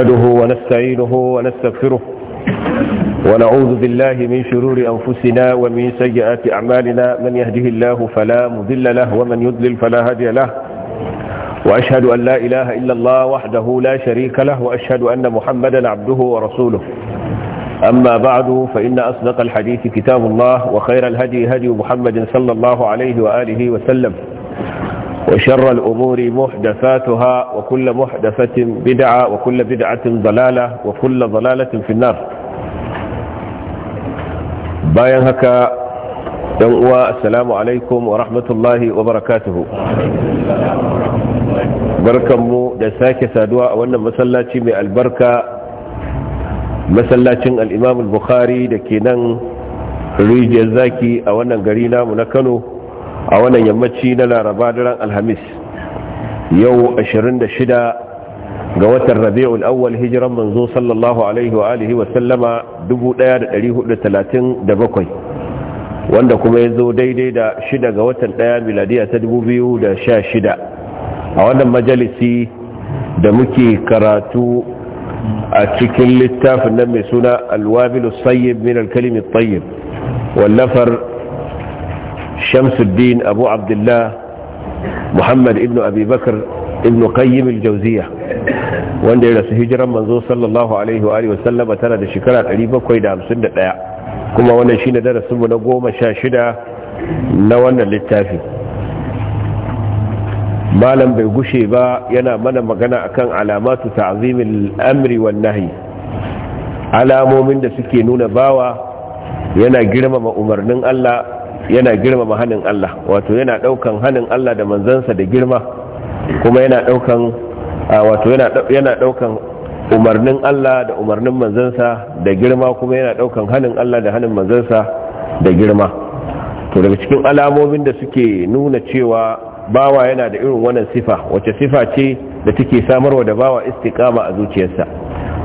نحمده ونستعينه ونستغفره ونعوذ بالله من شرور أنفسنا ومن سيئات أعمالنا من يهده الله فلا مذل له ومن يذلل فلا هادي له وأشهد أن لا إله إلا الله وحده لا شريك له وأشهد أن محمدا عبده ورسوله أما بعد فإن أصدق الحديث كتاب الله وخير الهدي هدي محمد صلى الله عليه وآله وسلم وشر الأمور محدثاتها وكل محدثة بدعة وكل بدعة ضلالة وكل ضلالة في النار bayan haka dan uwa assalamu alaikum wa rahmatullahi wa barakatuhu barkanmu da sake saduwa a wannan masallaci mai albarka masallacin al'imamul al-bukhari da ke nan rijiyar zaki a wannan gari namu na kano a wannan yammaci na laraba daren alhamis yau 26 ga watan rabi'ul awwal hijiran manzo sallallahu alaihi wa alihi wa sallama 1437 wanda kuma ya zo daidai da shida ga watan 1 miladiya ta 2016 a wannan majalisi da muke karatu a cikin littafin nan mai suna alwabilu sayyib min alkalimi tayyib wallafar shamsuddin abu abdullah muhammad ibn abi bakar ibn qayyim wanda ya rasu hijiran manzo sallallahu alaihi wa alihi sallama tana da shekara 751 kuma wannan shine darasin mu na goma 16 na wannan littafi malam bai gushe ba yana mana magana a kan alamatu ta'zimil amri wan nahyi alamomin da suke nuna bawa yana girmama umarnin Allah yana girmama hannun Allah wato yana daukan hannun Allah da manzansa da girma kuma yana daukan wato yana daukan umarnin Allah da umarnin manzansa da girma kuma yana daukan hannun Allah da hannun manzansa da girma to daga cikin alamomin da suke nuna cewa bawa yana da irin wannan sifa wace sifa ce da take samarwa da bawa istiqama a zuciyarsa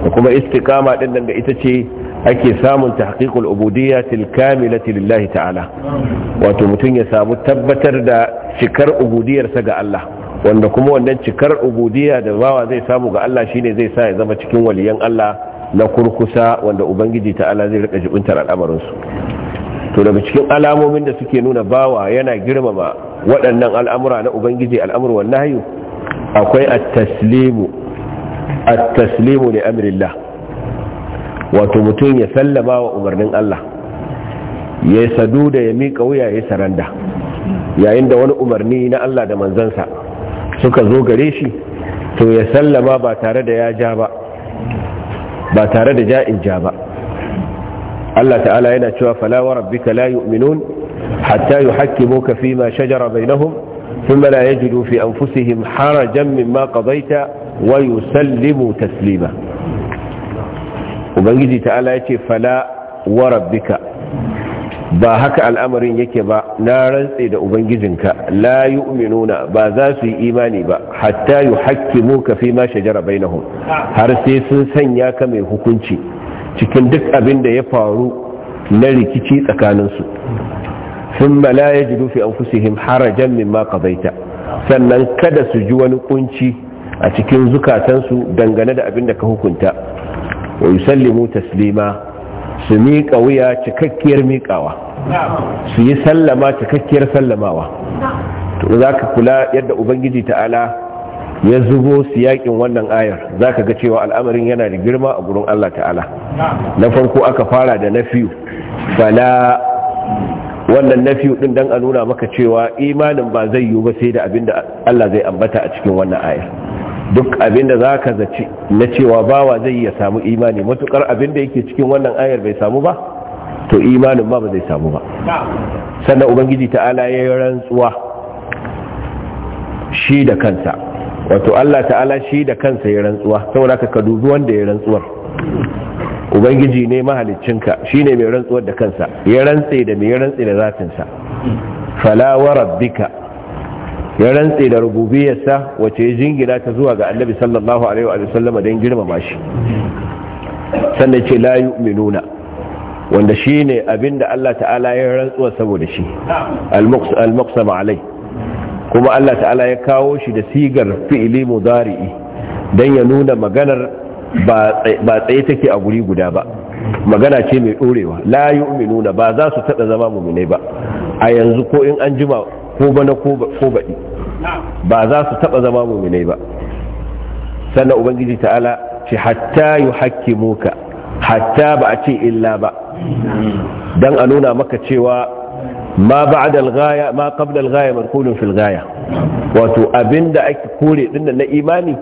da kuma istiqama din nan da ita ce ake samun tahqiqul ubudiyyatil kamilati lillahi ta'ala wato mutum ya samu tabbatar da cikar ubudiyarsa ga Allah wanda kuma wannan cikar ubudiyya da bawa zai samu ga Allah shine zai sa ya zama cikin waliyan Allah na kurkusa wanda ubangiji ta'ala zai rika jibuntar al'amarin su to daga cikin alamomin da suke nuna bawa yana girmama waɗannan al'amura na ubangiji al'amur wan nahyu akwai at-taslimu at-taslimu li amrillah wato mutum ya sallama wa umarnin Allah ya sadu da ya miƙa wuya ya saranda yayin da wani umarni na Allah da manzansa suka zo gare shi to ya sallama ba tare da ya ja ba ba tare da ja'in ja ba Allah ta'ala yana cewa fala wa rabbika la yu'minun hatta yuhakkimuka fima shajara bainahum ثم لا يجدوا في أنفسهم حرجا مما wa yusallimu taslima ubangiji ta'ala ya ce fala wa ba haka al'amarin yake ba na rantse da ubangijinka la yu'minuna ba za su yi imani ba hatta yuhakkimu ka fi ma shajara bainahum har sai sun sanya ka mai hukunci cikin duk abin da ya faru na rikici tsakaninsu thumma la yajidu fi anfusihim harajan mimma qadaita sannan kada su ji wani kunci a cikin zukatansu dangane da abin da ka hukunta wa yusallimu taslima su miƙa wuya cikakkiyar miƙawa su yi sallama cikakkiyar sallamawa to za ka kula yadda ubangiji ta'ala ya zubo su yaƙin wannan ayar za ka ga cewa al'amarin yana da girma a gurin allah ta'ala na farko aka fara da nafiyu bala wannan nafiyu ɗin dan a nuna maka cewa imanin ba zai yiwu ba sai da abin da allah zai ambata a cikin wannan ayar duk abinda za ka zaci na cewa bawa zai iya samu imani matukar abinda yake cikin wannan ayar bai samu ba to imanin ba ba zai samu ba sannan ubangiji ta'ala ya yi rantsuwa shi da kansa wato Allah ta'ala shi da kansa ya rantsuwa saboda ka ka dubi wanda ya rantsuwar ubangiji ne Shi ne mai rantsuwar da kansa ya rantse da mai rantse da zatinsa fala wa rabbika ya rantse da rububiyarsa wace ya jingina ta zuwa ga annabi sallallahu alaihi wa sallam don girmama shi sannan ce la yu'minuna wanda shine abinda Allah ta'ala ya rantsuwa saboda shi al-muqsam alai kuma Allah ta'ala ya kawo shi da sigar fi'ili mudari'i don ya nuna maganar ba tsaye take a guri guda ba magana ce mai ɗorewa la yu'minuna ba za su taɗa zama muminai ba a yanzu ko in an jima ko bana ko baɗi ba za su taba zama muminai ba sannan ubangiji ta'ala ce hatta muka. hatta ba a ce illa ba dan a nuna maka cewa ma ba'da ghaya ma qabla al-ghaya wato abinda ake kore din na imani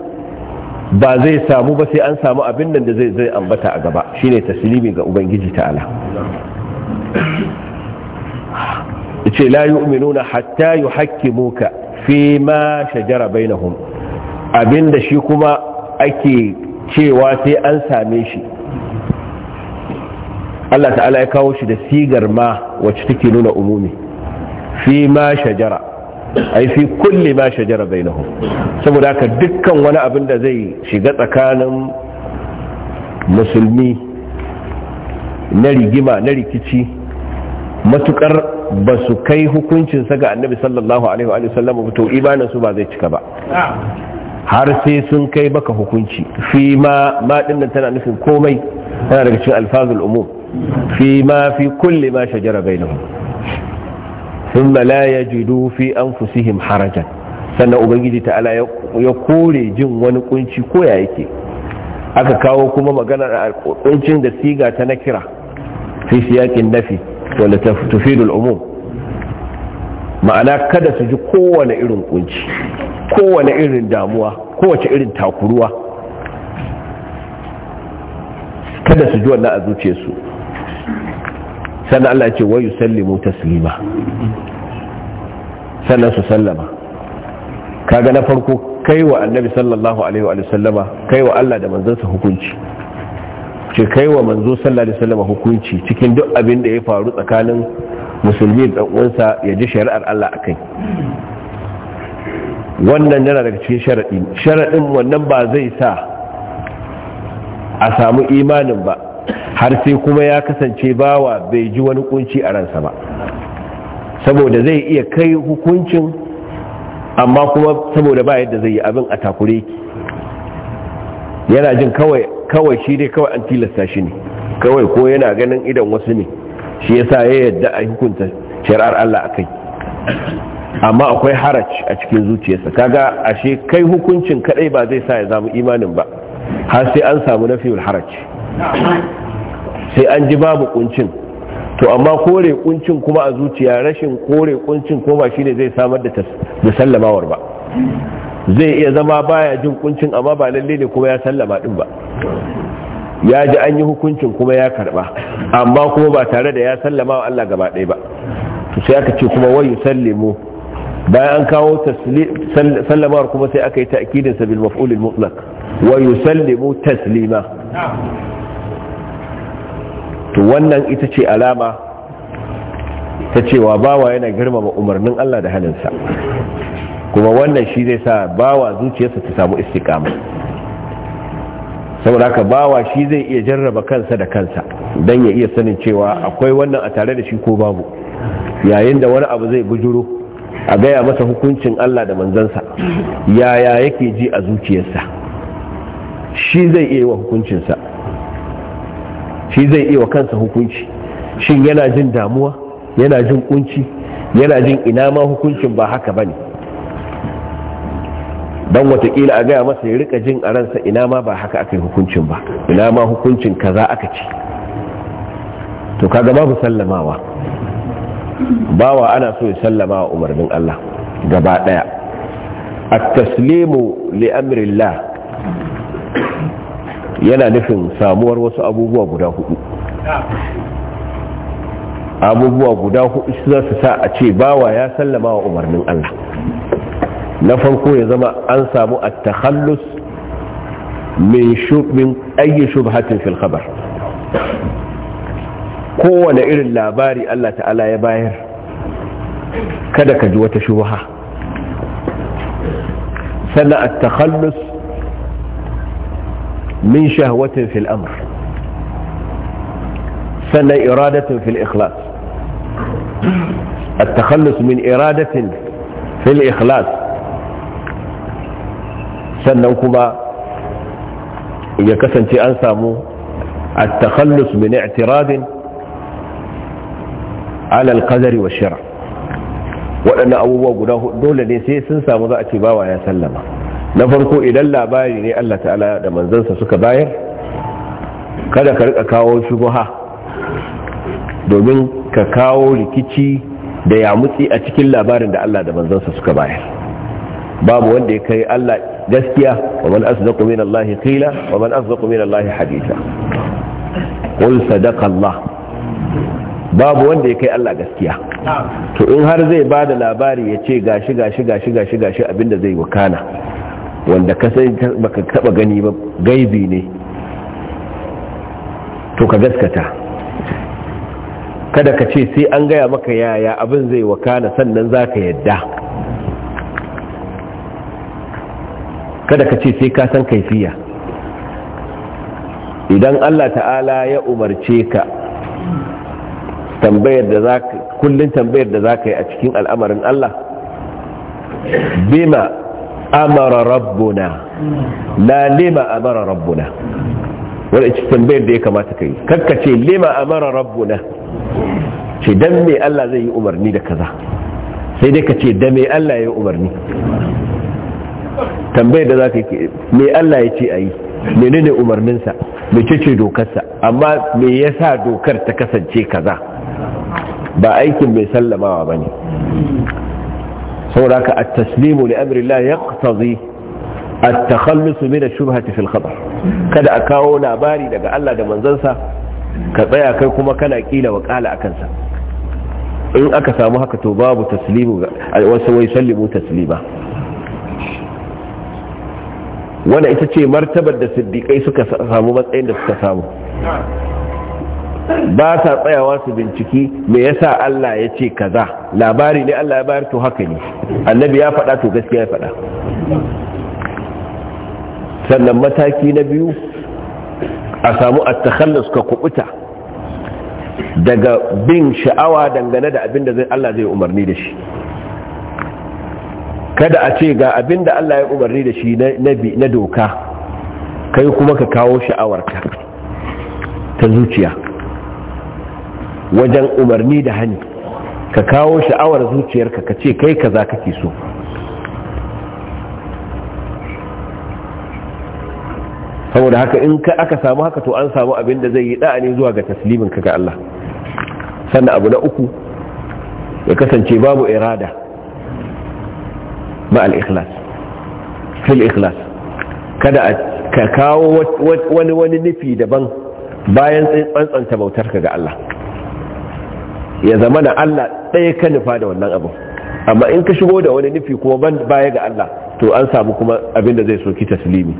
ba zai samu ba sai an samu abin da zai zai ambata a gaba shine taslimi ga ubangiji ta'ala ce la yu'minuna hatta yuhakkimuka fi ma shajara bainahum abinda shi kuma ake cewa sai an same shi Allah ta'ala ya kawo shi da sigar ma wacce take nuna umumi fi ma shajara ai fi kulli ma shajara bainahum saboda haka dukkan wani abin da zai shiga tsakanin musulmi na rigima na rikici matukar ba su kai hukuncinsa ga annabi sallallahu alaihi wa sallam to imaninsu ba zai cika ba har sai sun kai baka hukunci fi ma ma tana nufin komai tana daga cikin alfazul umum fi ma fi kulli ma shajara bainahum thumma la yajidu fi anfusihim harajan sannan ubangiji ta'ala ya kore jin wani kunci ko ya yake aka kawo kuma magana a kuncin da siga ta nakira fi siyakin nafi wanda ta tufidul umum ma'ana kada su ji kowane irin kunci kowane irin damuwa kowace irin takuruwa kada su ji wannan a zuce su, sannan Allah ce wayu sallimu taslima sannan su sallama kaga na farko kai wa annabi sallallahu alaihi wa sallama kai wa Allah da manzansa hukunci ce kai wa manzo sallallahu alaihi wasallam hukunci cikin duk abin da ya faru tsakanin musulmi da uwansa ya ji shari'ar Allah akai wannan yana daga cikin sharaɗi sharaɗin wannan ba zai sa a samu imanin ba har sai kuma ya kasance bawa bai ji wani kunci a ransa ba saboda zai iya kai hukuncin amma kuma saboda ba yadda zai yi abin a takure ki yana jin kawai kawai shi dai kawai an tilasta shi ne kawai ko yana ganin idan wasu ne shi yasa ya yadda a hukunta shari'ar Allah a kai amma akwai haraj a cikin zuciyarsa kaga ashe kai hukuncin kadai ba zai sa ya zama imanin ba har sai an samu nafiyul haraj sai an ji babu kuncin to amma kore kuncin kuma a zuciya rashin kore kuncin ko ba shine zai samar da sallamawar ba zai iya zama baya jin kuncin amma ba lalle ne kuma ya sallama din ba ya ji an yi hukuncin kuma ya karba amma kuma ba tare da ya sallama wa Allah gaba ɗaya ba to sai aka ce kuma wayu sallimu bayan an kawo sallamawar kuma sai aka yi ta'kidin sa bil maf'ul al mutlaq wa yusallimu taslima to wannan ita ce alama ta cewa bawa yana girmama umarnin Allah da haninsa kuma wannan shi zai sa bawa zuciyarsa ta samu istikama saboda haka bawa shi zai iya jarraba kansa da kansa don ya iya sanin cewa akwai wannan a tare da shi ko babu yayin da wani abu zai bujuro a gaya masa hukuncin Allah da manzansa yaya yake ji a zuciyarsa shi zai iya wa hukuncinsa shi zai iya wa kansa hukunci shin yana jin damuwa yana jin kunci yana jin ina ma hukuncin ba haka bane don watakila a gaya masa ya rika jin a ransa ina ma ba haka aka yi hukuncin ba ina ma hukuncin ka za aka ci? to kaga babu sallamawa bawa ana so ya sallama wa umarnin Allah gaba daya at-taslimu li amrillah yana nufin samuwar wasu abubuwa guda hudu abubuwa guda hudu su za su sa a ce bawa ya sallama wa umarnin Allah na farko ya zama an samu at-takhallus min shub min ayi shubhatin fil khabar kowane irin labari Allah ta'ala ya bayar kada ka ji wata shubha sannan at-takhallus min shahwatin fil amr sannan iradatin fil ikhlas التخلص من إرادة في الإخلاص sannan kuma ya kasance an samu a takhallus min i'tiradin ala al-qadari wa shar' waɗannan abubuwa guda hudu dole ne sai sun samu za a ce bawa ya sallama na farko idan labari ne Allah ta'ala da manzansa suka bayar kada ka rika kawo shubuha domin ka kawo rikici da yamutsi a cikin labarin da Allah da manzansa suka bayar babu wanda ya kai Allah gaskiya wa man asdaqu min Allah qila wa man asdaqu min Allah haditha qul sadaqa Allah babu wanda ya kai Allah gaskiya to in har zai bada labari ya ce gashi gashi gashi gashi gashi abinda zai wakana wanda ka sai baka taba gani ba gaibi ne to ka gaskata kada ka ce sai an gaya maka yaya abin zai wakana sannan zaka yadda kada ka ce sai ka san kaifiya idan Allah ta'ala ya umarce ka tambayar da za kullun tambayar da za ka yi a cikin al'amarin Allah bima amara rabbuna la lima amara rabbuna wadda ci tambayar da ya kamata ka yi ce lima amara rabbuna ce dan me Allah zai yi umarni da kaza sai dai ka ce dan me Allah ya yi umarni tambayar da za ka yi me Allah ya ce a yi menene umarninsa Me ce dokarsa amma me yasa dokar ta kasance kaza ba aikin mai sallamawa ba ne sauraka a taslimu li amrillah ya ƙasazi a takhallusu mina shubhati fil khabar kada a kawo labari daga Allah da manzansa ka tsaya kai kuma kana kila wa kala kansa. in aka samu haka to babu taslimu wasu wai sallimu taslima wanda ita ce martabar da siddiƙai suka samu matsayin da suka samu ba sa tsayawa su binciki me yasa Allah ya ce kaza labari ne Allah ya bayar to haka ne annabi ya faɗa to gaskiya ya faɗa sannan mataki na biyu a samu attakalla ka kubuta daga bin sha'awa dangane da abin da Allah zai umarni da shi kada a ce ga abin da Allah ya umarni da shi na doka kai kuma ka kawo sha'awarka ta zuciya wajen umarni da hani ka kawo sha'awar zuciyarka ka ce kai kaza kake so saboda haka in aka samu haka to an samu abin da zai yi da'ani zuwa ga taslimin ka ga Allah sannan abu na uku ya kasance babu irada ba al-ikhlas fil ikhlas kada ka kawo wani wani nufi daban bayan tsantsanta bautarka ga Allah ya zama na Allah ɗaya ka nufa da wannan abu amma in ka shigo da wani nufi kuma ban baya ga Allah to an samu kuma abin da zai soki taslimi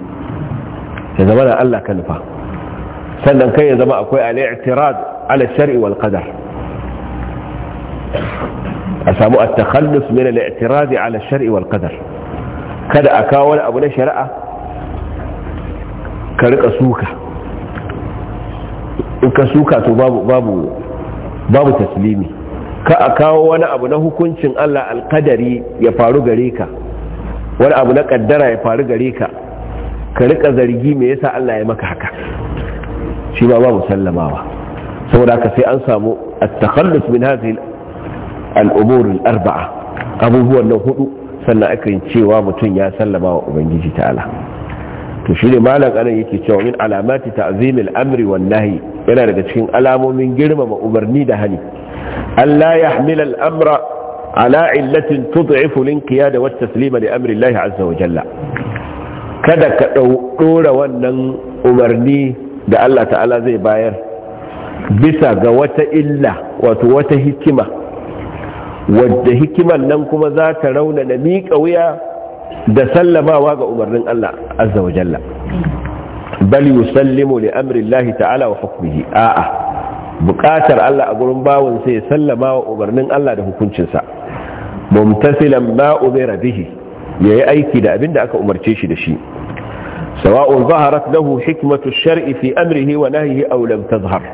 ya zama na Allah ka nufa sannan kai ya zama akwai al-i'tirad ala shar'i wal qadar a samu at-takhallus min al-i'tiradi ala shari wal qadar kada a kawo wani abu na shari'a ka rika suka in ka suka to babu babu babu taslimi ka a kawo wani abu na hukuncin Allah alkadari ya faru gare ka wani abu na kaddara ya faru gare ka ka rika zargi me yasa Allah ya maka haka shi ba babu sallamawa saboda ka sai an samu at-takhallus min hadhihi al'umurin arba'a abubuwan nan hudu sannan aka yi cewa mutum ya sallama wa ubangiji ta'ala to shi ne malam anan yake cewa min alamati ta'zimil amri wan nahi yana daga cikin alamomin girmama umarni da hali? Allah ya hamila al'amra ala illatin tud'ifu da wat taslima li amri Allah azza wa jalla kada ka ɗora wannan umarni da Allah ta'ala zai bayar bisa ga wata illa wato wata hikima wadda hikimar nan kuma za ta rauna da miƙa wuya da sallamawa ga umarnin Allah azza wa jalla bal yusallimu li amri Allah ta'ala wa hukmihi a'a buƙatar Allah a gurin bawon sai ya sallama wa umarnin Allah da hukuncinsa mumtasilan ma umira bihi yayi aiki da abinda aka umarce shi da shi sawa'un zaharat lahu hikmatu shar'i fi amrihi wa nahyihi aw lam tadhhar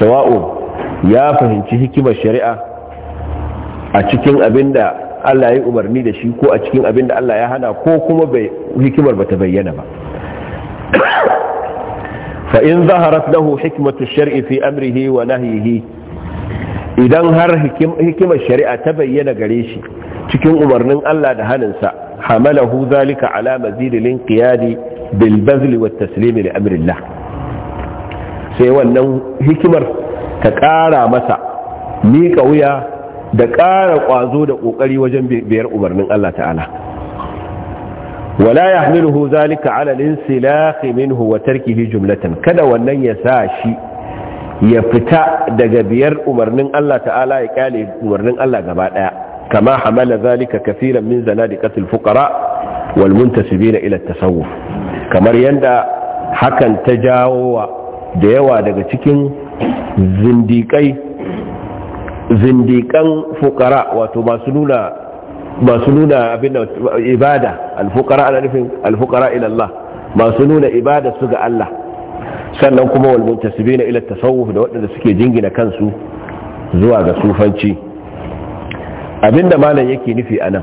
sawa'un ya fahimci hikimar shari'a a cikin abin da Allah ya umarni da shi ko a cikin abin da Allah ya hana ko kuma hikimar ba ta bayyana ba fa'in zaharat lahu hikimatu shari'i fi amrihi wa nahihi idan har hikimar shari'a ta bayyana gare shi cikin umarnin Allah da haninsa hamalahu zalika ala mazidilin qiyadi bil bazli wat taslimi li amrillah sai wannan hikimar ta ƙara masa miƙa wuya da ƙara ƙwazo da ƙoƙari wajen biyar umarnin Allah ta'ala wala ya hamiluhu zalika alalin silahi hu wa tarkihi jumlatan kada wannan ya sa shi ya fita daga biyar umarnin Allah ta'ala ya ƙyale umarnin Allah gaba ɗaya kama hamala zalika kafiran min zanadiqatil fuqara wal muntasibina ila tasawuf kamar yanda hakan ta jawo da yawa daga cikin zindiƙai zindikan fukara wato masu nuna masu nuna abin ibada alfukara ana nufin alfukara ilallah masu nuna ibada su ga Allah sannan kuma su muntasibina ila tasawuf da waɗanda suke jingina kansu zuwa ga sufanci abinda malam yake nufi anan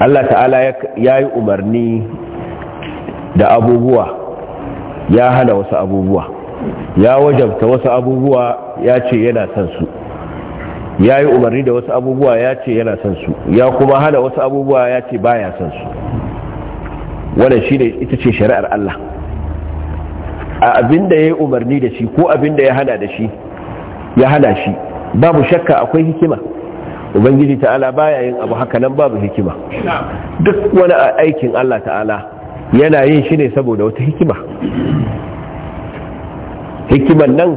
Allah ta'ala ya yi umarni da abubuwa ya hana wasu abubuwa ya wajabta wasu abubuwa ya ce yana son su ya yi umarni da wasu abubuwa ya ce yana son su ya kuma hana wasu abubuwa ya ce baya son su wannan shi ne ita ce shari'ar Allah a abin da ya yi umarni da shi ko abin da ya hana da shi ya hana shi babu shakka akwai hikima ubangiji ta'ala baya yin abu haka nan babu hikima duk wani aikin Allah ta'ala yana yin shi ne saboda wata hikima hikiman nan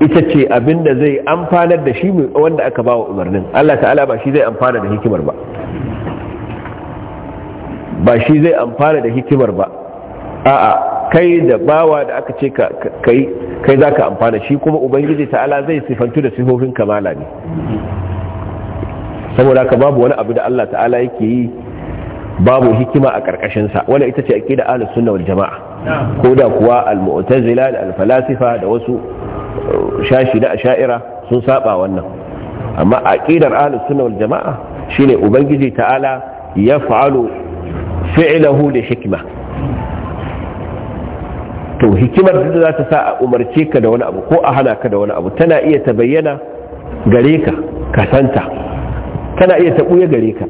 ita ce abin da zai amfanar da shi wanda aka ba wa umarnin Allah ta'ala ba shi zai amfana da hikimar ba ba shi zai amfana da hikimar ba a'a kai da bawa da aka ce kai kai za ka amfana shi kuma ubangiji ta'ala zai sifantu da sifofin kamala ne saboda haka babu wani abu da Allah ta'ala yake yi babu hikima a ƙarƙashinsa wanda ita ce aƙida ahlus sunna wal jama'a ko da kuwa al-mu'tazila da al-falasifa da wasu uh, shashi na asha'ira sun saba wannan amma aqidar ahlus sunna wal jama'a shine ubangiji ta'ala ya fa'alu da li hikma to hikimar da za ta sa a umarce ka da wani abu ko a hana ka da wani abu tana iya ta bayyana gare ka kasanta tana iya ta gare ka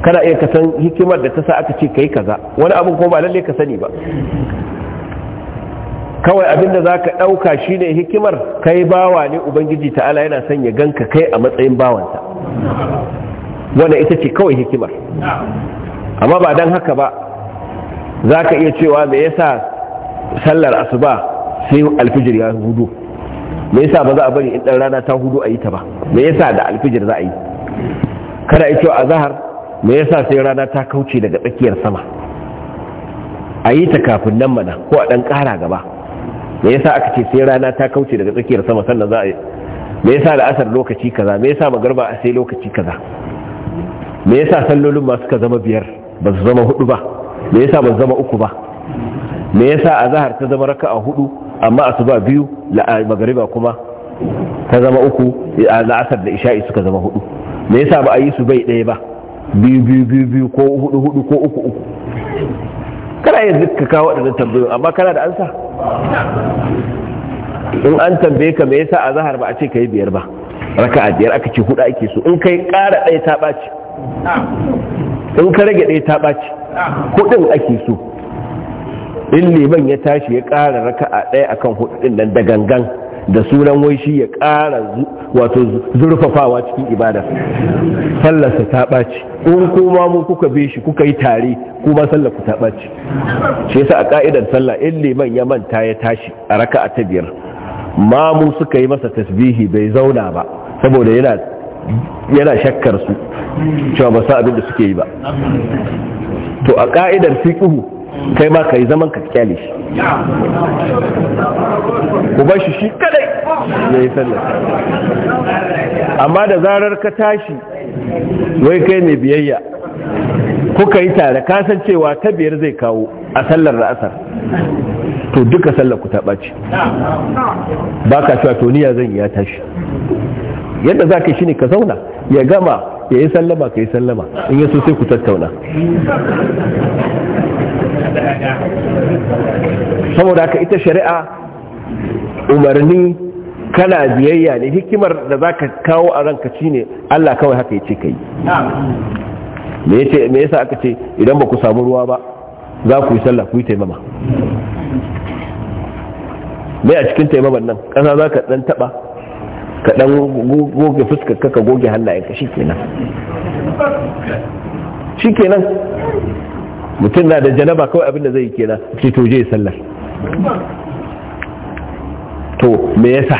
kana iya kasan hikimar da ta sa aka ce kai kaza wani abin kuma ba lalle ka sani ba kawai abin da za ka ɗauka shi ne hikimar kai bawa ne ubangiji ta'ala yana son ya ganka kai a matsayin bawansa wannan ita ce kawai hikimar amma ba don haka ba za ka iya cewa me yasa sallar asuba sai alfijir ya hudu me yasa ba za a bari in ɗan rana ta hudu a yi ta ba me yasa da alfijir za a yi kada ya cewa a zahar me yasa sai rana ta kauce daga tsakiyar sama a yi ta kafin nan mana ko a ɗan ƙara gaba me yasa aka ce sai rana ta kauce daga tsakiyar sama sannan za a yi me yasa da asar lokaci kaza me yasa magarba a sai lokaci kaza me yasa sallolin ma suka zama biyar ba su zama hudu ba me yasa ba su zama uku ba me yasa a zahar ta zama raka a hudu amma asuba biyu magariba kuma ta zama uku la'asar da isha'i suka zama hudu me yasa ba a yi su bai ɗaya ba biyu biyu biyu biyu ko hudu hudu ko uku uku kana yin duk kawo waɗannan tambayoyi amma kana da ansa in an tambaye ka me yasa a zahar ba a ce kai biyar ba raka a biyar aka ce hudu ake so in kai ƙara ɗaya ta ɓaci in ka rage ɗaya ta ɓaci hudun ake so in liman ya tashi ya ƙara raka a ɗaya akan hudu ɗin nan da gangan da sunan waishi ya ƙara wato zurfafawa cikin ibada sallarsa ta ɓaci in kuma mu kuka bi shi kuka yi tare kuma sallar ku ta ɓaci shi yasa a ka'idar sallah in liman ya manta ya tashi a raka a ta biyar mamu suka yi masa tasbihi bai zauna ba saboda yana yana shakkar su cewa ba sa abin da suke yi ba to a ka'idar fiqhu kai ma ka yi zaman ka kyale shi ku bar shi shi kadai ya yi sallah amma da zarar ka tashi wai kai ne biyayya kuka yi tare kasancewa ta biyar zai kawo a sallar ra'asar to duka sallar ku ta ɓaci ba ka cewa to niya zan ya tashi yadda za ka shi ne ka zauna ya gama ya yi sallama ka yi sallama in so sai ku tattauna saboda haka ita shari'a umarni kana biyayya ne hikimar da za ka kawo a ranka ci ne Allah kawai haka ya ce ka yi me yasa aka ce idan ba ku samu ruwa ba za ku yi sallah ku yi taimama mai a cikin taimaman nan ƙasa za ka ɗan taɓa ka ɗan goge fuskar ka goge hannayen ka shi kenan mutum na da janaba kawai abin da zai kena. ce to je sallar to me yasa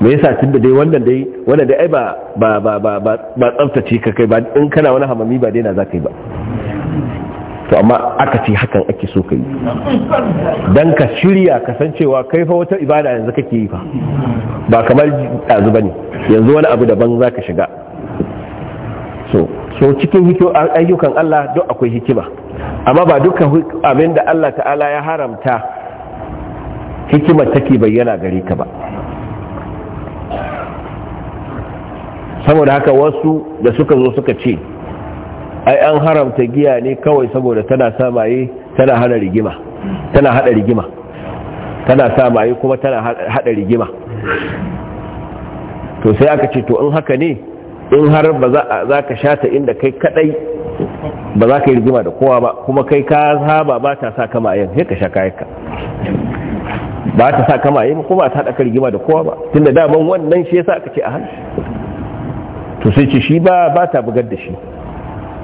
me yasa da dai wannan dai wannan dai ai ba ba ba ba ba tsaftace ka kai ba in kana wani hamami ba dai na za ka yi ba to amma aka ce hakan ake so ka yi don ka shirya kasancewa kai fa wata ibada yanzu kake yi fa ba kamar ɗazu ba ne yanzu wani abu daban za ka shiga so so cikin ayyukan Allah duk akwai hikima amma ba dukkan abin da Allah ta'ala ya haramta hikimar take bayyana gare ka ba saboda haka wasu da suka zo suka ce ai an haramta giya ne kawai saboda tana samaye tana hada rigima tana hada rigima tana samaye kuma tana hada rigima to sai aka ce to in haka ne in har ba za ka shata inda kai kadai ba za ka yi rigima da kowa ba kuma kai ka saba ba ta sa kama yin sai ka sha kayanka ba ta sa kama yin kuma ta haɗa rigima da kowa ba tunda daman wannan shi yasa aka ce a hannu to sai ce shi ba ba ta bugar da shi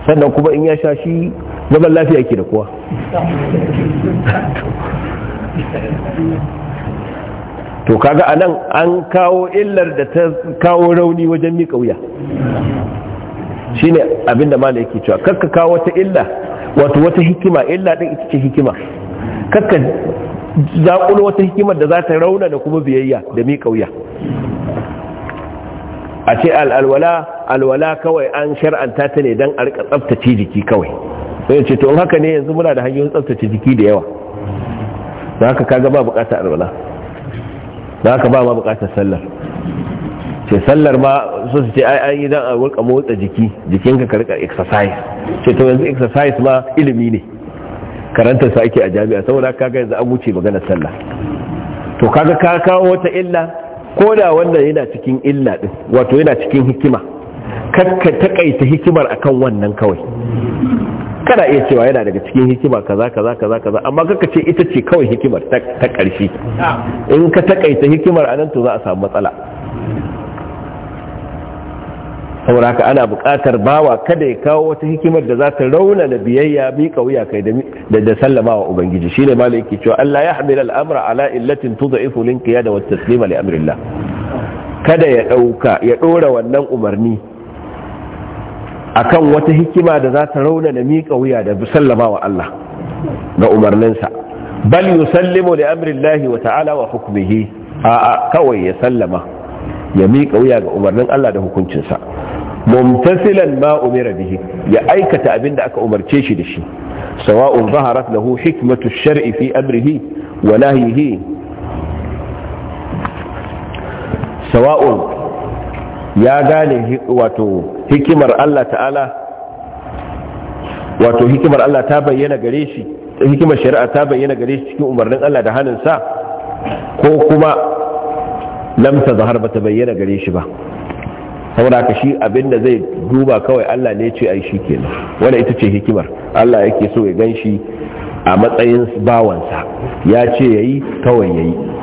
sannan kuma in ya sha shi zaman lafiya ke da kowa to kaga a nan an kawo illar da ta kawo rauni wajen miƙa wuya Shi ne abinda mana yake cewa kakka kawo wata illa wato wata hikima illa ɗin ita ce hikima kakka zaƙulo wata hikimar da za ta rauna da kuma biyayya da miƙa wuya a ce al'alwala alwala kawai an shar'anta ta ne don a riƙa tsabtace jiki kawai sai ce to haka ne yanzu muna da hanyoyin tsabtace jiki da yawa da haka kaga ba bukata alwala da ka ba ma bukatar sallar ce sallar ma so su ce ai an yi dan a rika motsa jiki jikinka ka rika exercise ce to yanzu exercise ma ilimi ne karantar sa ake a jami'a saboda kaga yanzu an wuce maganar sallah to kaga ka kawo wata illa ko da wanda yana cikin illa din wato yana cikin hikima kakka takaita hikimar akan wannan kawai kana iya cewa yana daga cikin hikima kaza kaza kaza kaza amma kaka ce ita ce kawai hikimar ta ƙarshe in ka takaita hikimar anan to za a samu matsala saboda haka ana buƙatar bawa kada ya kawo wata hikimar da za ta rauna da biyayya bi wuya kai da da sallama wa ubangiji shine malai yake cewa Allah ya hamila al'amra ala illatin tudaifu lin qiyada wat taslima li amrillah kada ya dauka ya dora wannan umarni akan wata hikima da za ta rauna da miƙa wuya da sallama wa Allah ga umarninsa bal yusallimu li amrillahi wa ta'ala wa hukmihi a kawai ya sallama ya miƙa wuya ga umarnin Allah da hukuncinsa mumtasilan ma umira bihi ya aikata abin da aka umarce shi da shi sawa'un zaharat lahu hikmatu shar'i fi amrihi wa nahyihi sawa'un ya gane wato hikimar Allah ta'ala wato hikimar Allah ta bayyana gare shi hikimar shari'a ta bayyana gare shi cikin umarnin Allah da hannun sa ko kuma ta zahar ba ta bayyana gare shi ba saboda ka shi abinda zai duba kawai Allah ne ce ai shi kenan wanda ita ce hikimar Allah yake so ya gan shi a matsayin bawansa ya ce yayi kawai yayi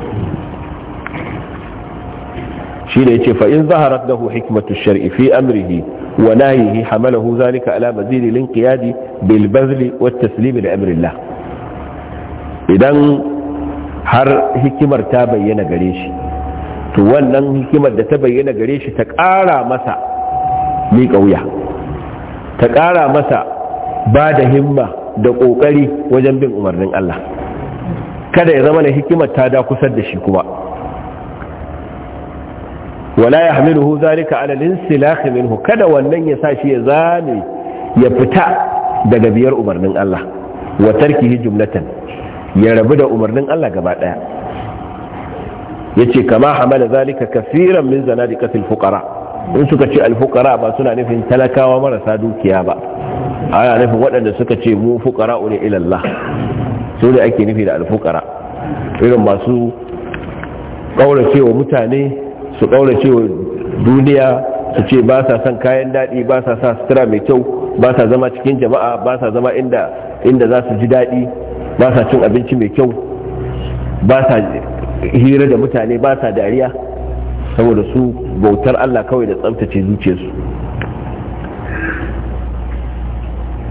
shi da yace fa in zaharat lahu hikmatu shar'i fi amrihi wa nahyihi hamalahu zalika ala mazili linqiyadi bil bazli wat taslim li amrillah idan har hikimar ta bayyana gare shi to wannan hikimar da ta bayyana gare shi ta ƙara masa miƙa wuya ta ƙara masa ba da himma da ƙoƙari wajen bin umarnin Allah kada ya zama na hikimar ta da kusa da shi kuma wala ya hamiluhu zalika ala silahi minhu kada wannan ya sa shi ya zame ya fita daga biyar umarnin Allah wa tarkihi jumlatan ya rabu da umarnin Allah gaba daya yace kama hamala zalika kafiran min zanadiqatil fuqara in suka ce alfukara ba suna nufin talakawa marasa dukiya ba ana nufin waɗanda suka ce mu fukara ne ilallah su ne ake nufi da alfukara irin masu ƙaurace wa mutane su kaurace wa duniya su ce ba sa son kayan daɗi ba sa sa sutura mai kyau ba sa zama cikin jama'a ba sa zama inda inda za su ji daɗi ba sa cin abinci mai kyau ba sa hira da mutane ba sa dariya saboda su bautar Allah kawai da tsabtace zuciyarsu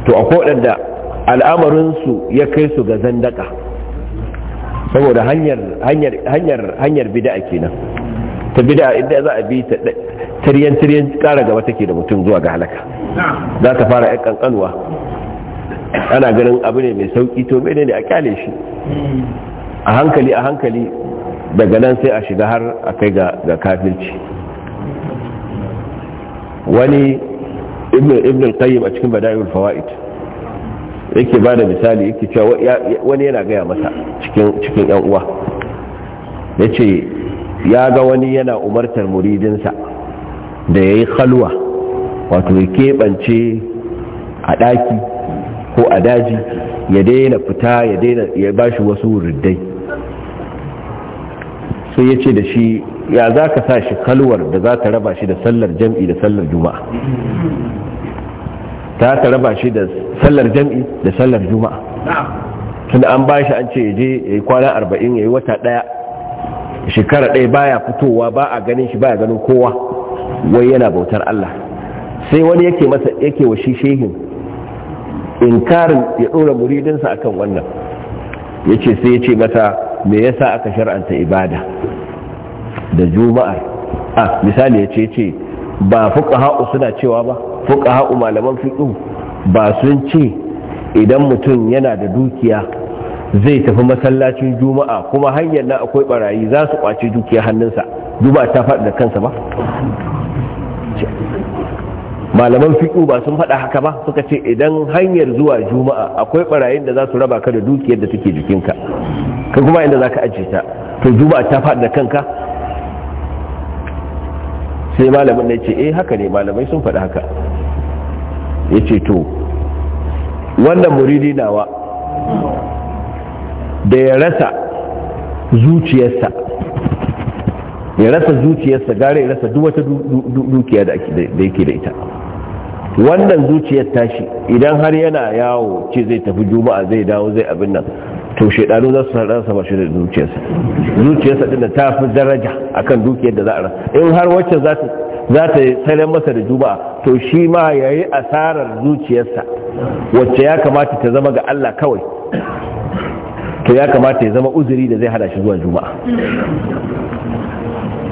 to akwai waɗanda su ya kai su ga zandaka saboda hanyar hanyar hanyar hanyar bida kenan ta bid'a inda za a bi ta tariyan tariyan kara gaba take da mutum zuwa ga halaka za ta fara yan kankanwa ana ganin abu ne mai sauki to mene ne a kyale shi a hankali a hankali daga nan sai a shiga har a kai ga kafirci wani ibn al-qayyim a cikin bada'ul fawaid yake ba da misali yake cewa wani yana gaya masa cikin yan uwa yace ya ga wani yana umartar muridinsa da ya yi khalwa wato ya keɓance a ɗaki ko a daji ya daina fita ya daina ya ba shi wasu riddai sai ya ce da shi ya za ka sa shi kalwar da za ta raba shi da sallar jam'i da sallar juma'a ta ta raba shi da sallar jam'i da sallar juma'a tun an ba shi an ce ya je ya yi kwana arba'in ya yi wata ɗaya shekara ɗaya baya fitowa ba a ganin shi baya ganin kowa wai yana bautar Allah sai wani yake masa yake wa shi shehin inkarin ya ɗora muridinsa akan wannan yace sai yace mata me yasa aka shar'anta ibada da juma'ar a ah, misali yace yace ba ha'u suna cewa ba ha'u malaman fiqh ba sun ce idan mutum yana da dukiya zai tafi masallacin juma'a kuma hanyar na akwai barayi za su kwace dukiya hannunsa duba ta faɗi da kansa ba malaman fiƙo ba sun faɗa haka ba suka ce idan hanyar zuwa juma'a akwai barayin da za su raba ka da dukiyar da take jikinka ka kuma inda za ka ajiye ta to juma'a ta faɗi da kanka sai malamin na ce eh haka ne malamai sun faɗi haka ya ce to wannan muridi nawa da ya rasa zuciyarsa ya rasa zuciyarsa gare ya rasa duk wata dukiya da yake da ita wannan zuciyar tashi idan har yana yawo ce zai tafi juma'a zai dawo zai abin nan to shaidanu za su rasa ba shi da zuciyarsa zuciyarsa din ta fi daraja akan dukiyar da za a rasa in har wacce za ta za ta masa da juma'a to shi ma ya yi asarar zuciyarsa wacce ya kamata ta zama ga Allah kawai to ya kamata ya zama uzuri da zai hada shi zuwa juma'a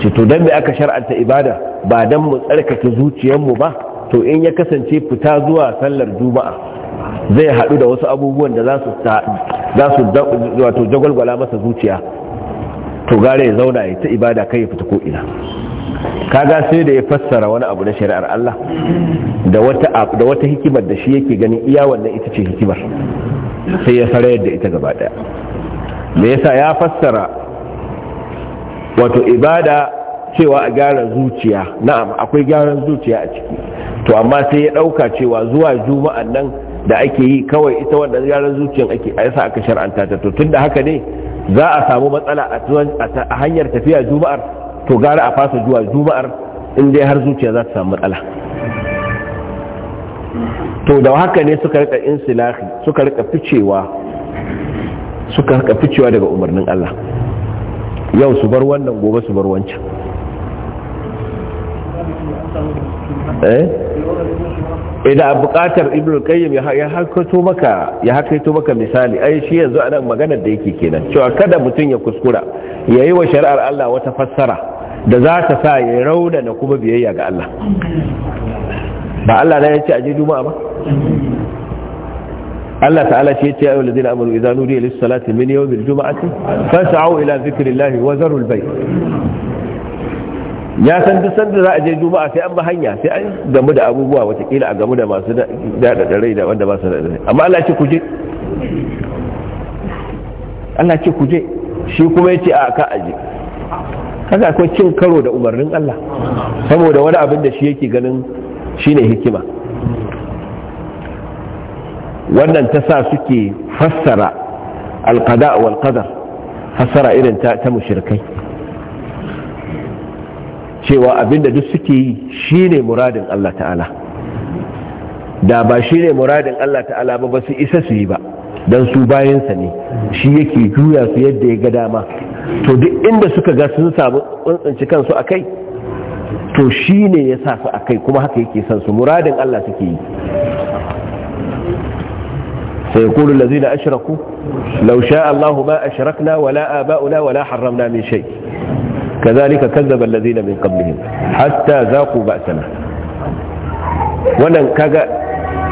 ce to don me aka shar'anta ibada ba don mu tsarkake mu ba to in ya kasance fita zuwa sallar juma'a zai hadu da wasu abubuwan da za su wato jagwalgwala masa zuciya to gare ya zauna ya ta ibada kai ya fita ko ina kaga sai da ya fassara wani abu na shari'ar Allah da wata da wata hikimar da shi yake ganin iya wannan ita ce hikimar sai ya fara yadda ita gaba daya me yasa ya fassara wato ibada cewa a gyara zuciya na'am akwai gyaran zuciya a ciki to amma sai ya dauka cewa zuwa juma'an nan da ake yi kawai ita wannan gyaran zuciyan ake a yasa aka shar'anta ta to tunda haka ne za a samu matsala a hanyar tafiya juma'ar to gara a fasa zuwa juma'ar in dai har zuciya za ta samu matsala to da haka ne suka rika insilahi suka rika ficewa suka haka ficewa daga umarnin Allah yau su bar wannan gobe su bar wancan eh? idan a bukatar ibn qayyim ya hakaito maka ya hakaito maka misali ai shi yanzu anan maganar da yake kenan cewa kada mutum ya kuskura yayi wa shari'ar Allah wata fassara da za ta sa ya rauna kuma biyayya ga Allah ba Allah ne ya ce aje juma'a ba Allah ta'ala ce ya ayyuhal ladina amanu idza nudiya lis salati min yawmil jum'ati fas'au ila dhikrillahi wa zarul bayt ya san duk sanda za a je juma'a sai an ba hanya sai an gamu da abubuwa watakila a gamu da masu daɗaɗa rai da wanda ba su daɗaɗa amma Allah ce ku je, Allah ce ku je, shi kuma ya ce a ka aje kaga akwai cin karo da umarnin Allah saboda wani abin da shi yake ganin shine hikima wannan ta sa suke fassara alƙada a qadar fassara irin ta ta cewa abinda duk suke yi shine muradin Allah ta'ala da ba shine muradin Allah ta'ala ba ba su isa su yi ba don su bayansa ne shi yake juya su yadda ya ga dama to duk inda suka ga sun samu tsuntsunci kansu a kai to shi ne ya sa su a kai kuma haka yake son su muradin Allah suke yi سيقول الذين أشركوا لو شاء الله ما أشركنا ولا آباؤنا ولا حرمنا من شيء كذلك كذب الذين من قبلهم حتى ذاقوا بأسنا wannan kaga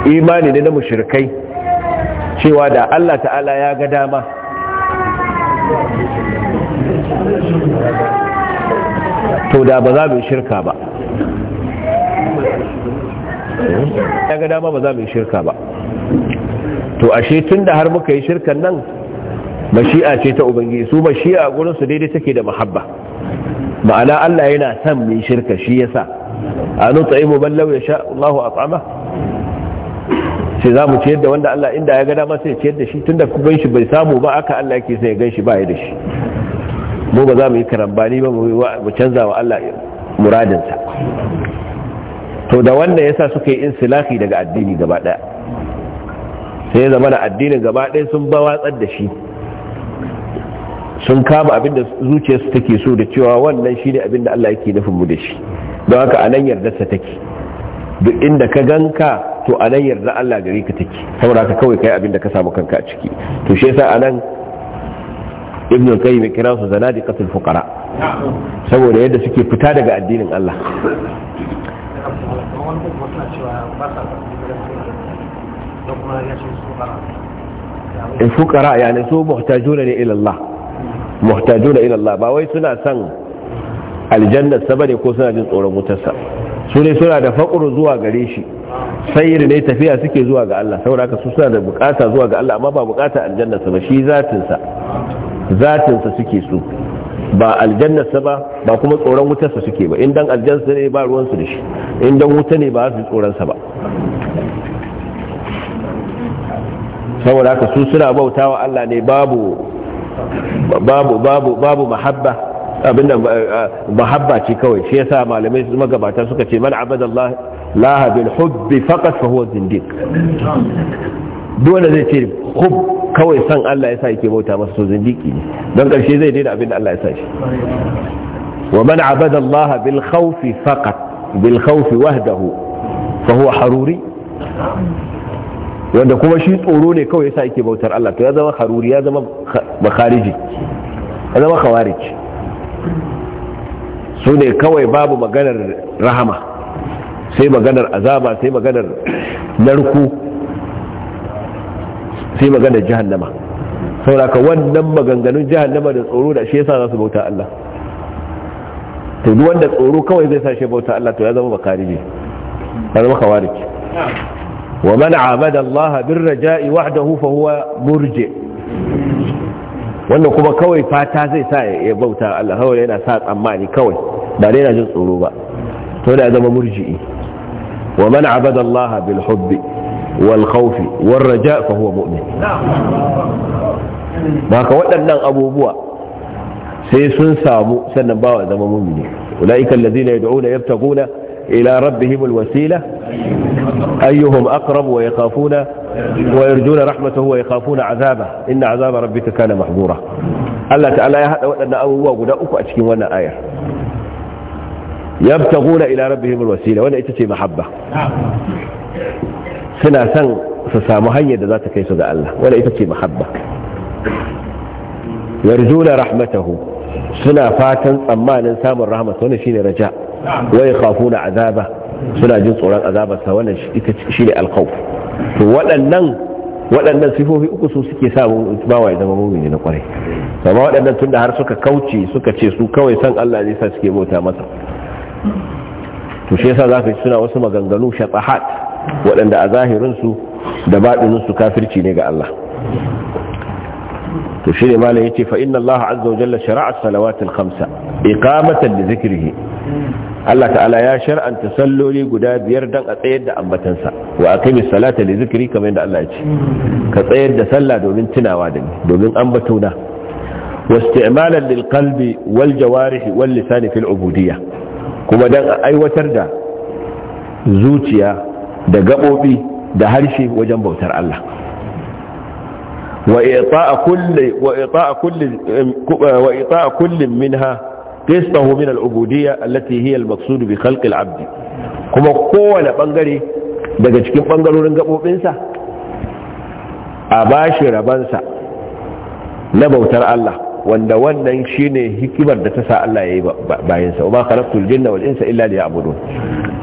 imani ne na mushrikai cewa da Allah ta'ala ya ga dama to da ba za mu shirka ba to ashe tun da har muka yi shirkan nan mashi'a ce ta ubangiji su mashi'a gurin su daidai take da muhabba ma'ana Allah yana son yi shirka shi yasa a mu ban ya sha a at'ama sai za mu ciyar da wanda Allah inda ya ga dama sai ciyar da shi tunda gan shi bai samu ba aka Allah yake sai ya gan shi ba ya da shi mu ba za mu yi karambani ba mu canza wa Allah muradinsa to da wanda yasa suka yi insilahi daga addini gaba daya sai zama na addinin gaba ɗaya sun watsar da shi sun kama abin da zuciyarsu take so da cewa wannan shi ne abin da Allah yake nufin mu da shi don haka a nan sa take duk inda ka ganka to a nan yarda Allah gari ka take saboda ka kawai kai abin da ka samu kanka a ciki to shi yasa a nan ibnu al-qayyim kira su zanadiqatul fuqara saboda yadda suke fita daga addinin Allah in fukara ya ne eh, su muhtajuna ne ilallah muhtajuna ilallah ba wai suna son aljannar sa bane ko suna jin tsoron wutarsa su ne suna da faƙuru zuwa gare shi sayir ne tafiya suke zuwa ga Allah saboda haka su suna da bukata zuwa ga Allah amma ba bukata aljannar sa ba shi zatin sa zatin sa suke so ba aljannar sa ba ba kuma tsoron wutarsa suke ba in dan aljanna ne ba ruwan su da shi in dan wuta ne ba su tsoron sa ba saboda haka su suna bautawa Allah ne babu babu babu babu mahabba abinda mahabba ce kawai shi yasa malamai su magabata suka ce man abada Allah laha bil hubbi faqat fa huwa zindiq dole zai ce hub kawai san Allah yasa yake bauta masa so zindiki ne don karshe zai daina abinda Allah yasa shi wa man abada Allah bil khawfi faqat bil khawfi wahdahu fa huwa haruri wanda kuma shi tsoro ne kawai yasa yake bautar Allah to ya zama haruri ya zama makhariji ya zama khawarij su ne kawai babu maganar rahama sai maganar azaba sai maganar narku sai maganar jahannama sauraka wannan maganganun jahannama da tsoro da shi yasa za su bauta Allah to duk wanda tsoro kawai zai sa shi bauta Allah to ya zama makhariji ya zama khawarij wa man abada Allah bir raja'i wahdahu fa huwa murji wannan kuma kawai fata zai sa ya bauta Allah yana sa tsammani kawai ba dai yana jin tsoro ba to da zama murji'i wa man abada Allah bil hubbi wal khawfi wal raja' fa huwa mu'min ba ka waɗannan abubuwa sai sun samu sannan bawa zama mu'mini ulaika allazina yad'una yabtaguna إلى ربهم الوسيلة أيهم أقرب ويخافون ويرجون رحمته ويخافون عذابه إن عذاب ربك كان محظورا الله تعالى يهدى وأن أبوه قد أشكي وانا آية يبتغون إلى ربهم الوسيلة وانا إتتي محبة سنة سنة سسامو ذات كيس ذا الله وانا إتتي محبة يرجون رحمته سنة فاتن أمان سام الرحمة وأن شين رجاء wai na azaba suna jin tsoron azabarsa wannan shi ne alkhawf to waɗannan waɗannan sifofi uku su suke sa bawa zama mumini na kwarai amma waɗannan tunda har suka kauce suka ce su kawai san Allah ne sa suke bauta masa to shi yasa zaka suna wasu maganganu shafahat waɗanda a zahirin su da baɗinin su kafirci ne ga Allah to shi ne malam yace fa inna Allah azza wa jalla shara'a salawatil khamsa iqamatan li zikrihi Allah ta'ala ya shar'anta salloli guda biyar don a tsayar da ambatansa wa aqimis salata da zikiri kamar yadda Allah ya ce ka tsayar da sallah domin tunawa da ni domin ambatona wasti'malan lil qalbi wal jawarih wal lisan fil ubudiyya kuma don a aiwatar da zuciya da gabobi da harshe wajen bautar Allah wa ita'a kulli wa kullin minha qisṭahu min al-ubudiyya allati hiya al-maqsud bi khalq al-'abd kuma kowane bangare daga cikin bangarorin gabobin sa a bashi rabansa na bautar Allah wanda wannan shine hikimar da ta sa Allah ya yi bayansa wa ma khalaqtul jinna wal insa illa liya'budun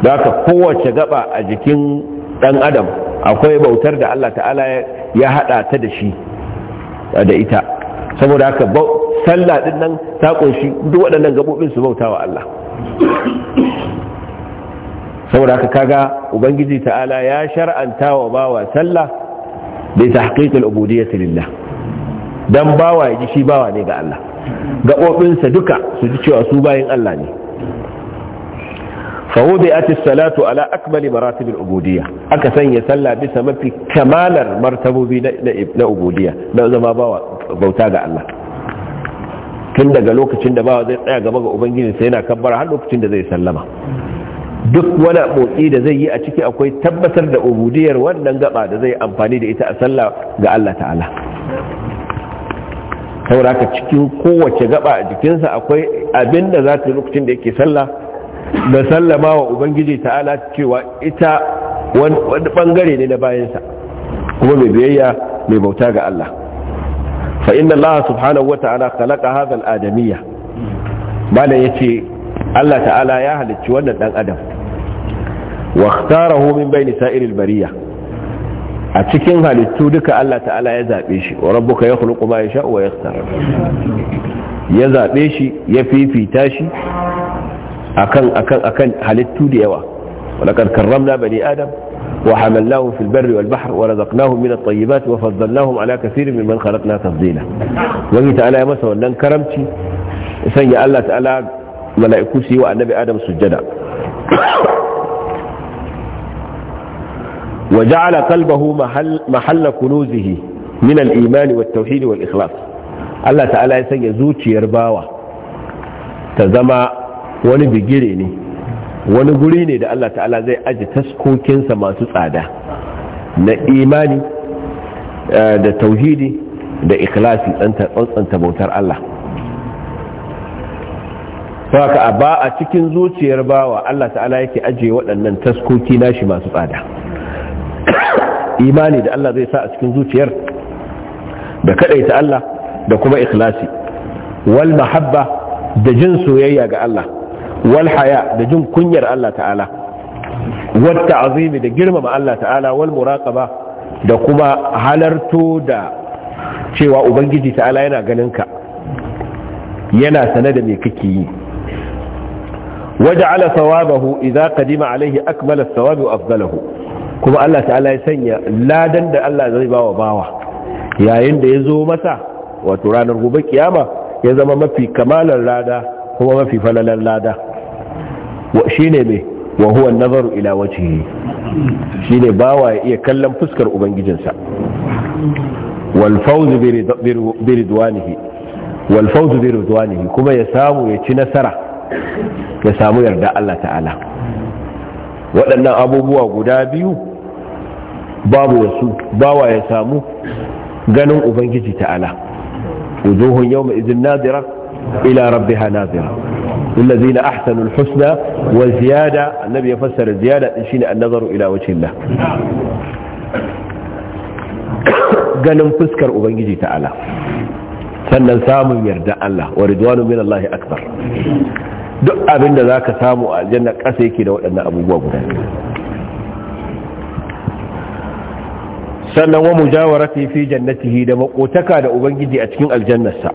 haka kowace gaba a jikin dan adam akwai bautar da Allah ta'ala ya hada ta da shi da ita saboda haka sallah din nan ta kunshi duk waɗannan gabobin su bauta wa Allah saboda haka kaga ubangiji ta'ala ya shar'anta wa bawa sallah bi tahqiqil ubudiyyati lillah dan bawa ya ji shi bawa ne ga Allah gabobin sa duka su ji cewa su bayin Allah ne Ala الصلاة على أكمل مراتب Aka sanya sallah bisa mafi كمال martabobi na عبودية نعم zama bawa. bauta ga Allah tun daga lokacin da bawa zai tsaya gaba ga ubangiji sai yana kabbara har lokacin da zai sallama duk wani motsi da zai yi a ciki akwai tabbatar da ubudiyar wannan gaba da zai amfani da ita a sallah ga Allah ta'ala saboda haka cikin kowace gaba a jikinsa akwai abin da za ta lokacin da yake sallah da sallama wa ubangiji ta'ala cewa ita wani bangare ne na bayansa kuma mai biyayya mai bauta ga Allah fa inna Allah subhanahu wata'ala khalaqa hadha al-adamiyya malam yace Allah ta'ala ya halicci wannan ɗan adam wa ikhtarahu min bayni irin bariya. a cikin halittu duka Allah ta'ala ya zabe shi wa rabbuka yakhluqu ma yasha'u wa yakhtar ya zabe shi ya fifita shi akan akan halittu da yawa wa bani adam وحملناهم في البر والبحر ورزقناهم من الطيبات وفضلناهم على كثير ممن من خلقنا تفضيلا وهي تعالى يا مسا ولن كرمتي سنجي الله تعالى ملائكوسي والنبي آدم سجدا وجعل قلبه محل, محل كنوزه من الإيمان والتوحيد والإخلاص الله تعالى يسنجي زوتي يرباوا تزما ولي بجريني wani guri ne da Allah ta'ala zai aji taskokinsa masu tsada na imani eh, da tauhidi da ikhlasi tsantsanta bautar Allah saka a ba a cikin zuciyar bawa Allah ta'ala yake ajiye waɗannan taskoki nashi masu tsada imani da Allah zai sa a cikin zuciyar da kaɗaita Allah da kuma ikhlasi wal mahabba da jin soyayya ga Allah wal haya da jin kunyar Allah ta'ala wata azimi da girmama Allah ta'ala wal muraqaba da kuma halarto da cewa ubangiji ta'ala yana ganin ka yana sane da me kake yi Waje thawabahu idza qadima alayhi alaihi thawabi wa afdalahu kuma Allah ta'ala ya sanya ladan da Allah zai bawa bawa yayin da ya zo masa wato ranar gobe kiyama ya zama mafi kamalar lada kuma mafi falalar lada shine me wa huwa nazaru ila wajhihi shine bawa ya iya kallon fuskar ubangijinsa Walfauzu fawz bi ridwanihi kuma ya samu ya ci nasara ya samu yarda Allah ta'ala waɗannan abubuwa guda biyu babu wasu bawa ya samu ganin ubangiji ta'ala wujuhun yawma idhin nadira ila ha nadira lillazina ahsanul husna wa ziyada annabi ya fassara ziyada din shine an-nazaru ila wajhillah ganin fuskar ubangiji ta'ala sannan samun yarda Allah wa ridwanu min Allah akbar duk abinda zaka samu a aljanna ƙasa yake da waɗannan abubuwa guda sannan wa mujawarati fi jannatihi da makotaka da ubangiji a cikin aljannarsa